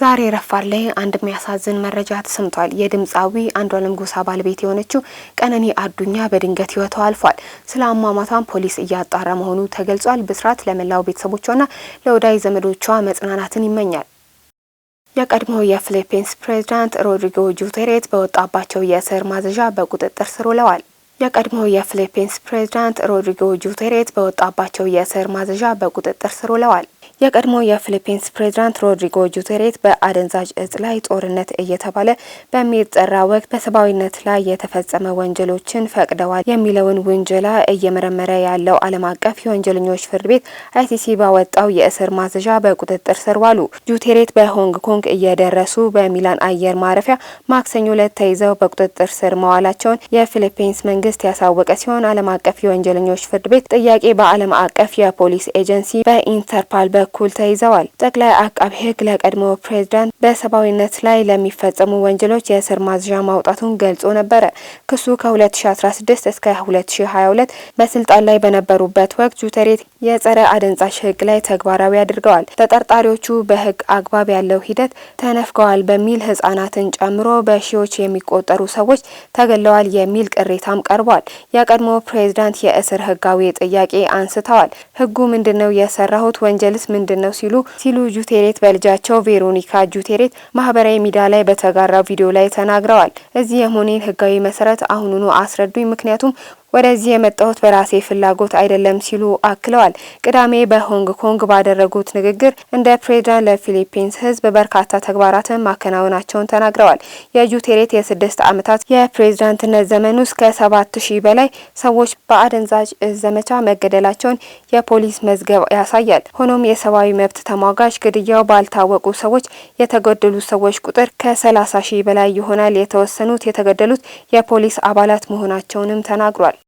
ዛሬ ረፋድ ላይ አንድ የሚያሳዝን መረጃ ተሰምቷል። የድምፃዊ አንዷለም ጎሳ ባለቤት የሆነችው ቀነኒ አዱኛ በድንገት ህይወቷ አልፏል። ስለ አሟሟቷን ፖሊስ እያጣራ መሆኑ ተገልጿል። ብስራት ለመላው ቤተሰቦቿና ለወዳጅ ዘመዶቿ መጽናናትን ይመኛል። የቀድሞ የፊሊፒንስ ፕሬዝዳንት ሮድሪጎ ጁቴሬት በወጣባቸው የእስር ማዘዣ በቁጥጥር ስር ውለዋል። የቀድሞ የፊሊፒንስ ፕሬዝዳንት ሮድሪጎ ጁቴሬት በወጣባቸው የእስር ማዘዣ በቁጥጥር ስር ውለዋል። የቀድሞ የፊሊፒንስ ፕሬዚዳንት ሮድሪጎ ጁቴሬት በአደንዛዥ እጽ ላይ ጦርነት እየተባለ በሚጠራ ወቅት በሰብአዊነት ላይ የተፈጸመ ወንጀሎችን ፈቅደዋል የሚለውን ውንጀላ እየመረመረ ያለው ዓለም አቀፍ የወንጀለኞች ፍርድ ቤት አይሲሲ ባወጣው የእስር ማዘዣ በቁጥጥር ስር ዋሉ። ጁቴሬት በሆንግ ኮንግ እየደረሱ በሚላን አየር ማረፊያ ማክሰኞ ዕለት ተይዘው በቁጥጥር ስር መዋላቸውን የፊሊፒንስ መንግስት ያሳወቀ ሲሆን ዓለም አቀፍ የወንጀለኞች ፍርድ ቤት ጥያቄ በዓለም አቀፍ የፖሊስ ኤጀንሲ በኢንተርፓል በኩል ተይዘዋል። ጠቅላይ አቃቢ ሕግ ለቀድሞ ፕሬዝዳንት በሰብአዊነት ላይ ለሚፈጸሙ ወንጀሎች የእስር ማዝዣ ማውጣቱን ገልጾ ነበረ። ክሱ ከ2016 እስከ 2022 በስልጣን ላይ በነበሩበት ወቅት ጁተሬት የጸረ አደንዛዥ ሕግ ላይ ተግባራዊ አድርገዋል። ተጠርጣሪዎቹ በሕግ አግባብ ያለው ሂደት ተነፍገዋል በሚል ህጻናትን ጨምሮ በሺዎች የሚቆጠሩ ሰዎች ተገለዋል የሚል ቅሬታም ቀርቧል። የቀድሞ ፕሬዝዳንት የእስር ህጋዊ ጥያቄ አንስተዋል። ህጉ ምንድነው የሰራሁት ወንጀልስ ምንድን ነው ሲሉ ሲሉ ጁቴሬት በልጃቸው ቬሮኒካ ጁቴሬት ማህበራዊ ሚዲያ ላይ በተጋራው ቪዲዮ ላይ ተናግረዋል። እዚህ የመሆኔን ህጋዊ መሰረት አሁኑኑ አስረዱኝ፣ ምክንያቱም ወደዚህ የመጣሁት በራሴ ፍላጎት አይደለም ሲሉ አክለዋል። ቅዳሜ በሆንግ ኮንግ ባደረጉት ንግግር እንደ ፕሬዝዳንት ለፊሊፒንስ ሕዝብ በርካታ ተግባራትን ማከናወናቸውን ተናግረዋል። የጁቴሬት የስድስት ዓመታት የፕሬዝዳንትነት ዘመን ውስጥ ከሰባት ሺህ በላይ ሰዎች በአደንዛዥ ዘመቻ መገደላቸውን የፖሊስ መዝገብ ያሳያል። ሆኖም የሰብአዊ መብት ተሟጋች ግድያው ባልታወቁ ሰዎች የተገደሉ ሰዎች ቁጥር ከሰላሳ ሺህ በላይ ይሆናል። የተወሰኑት የተገደሉት የፖሊስ አባላት መሆናቸውንም ተናግሯል።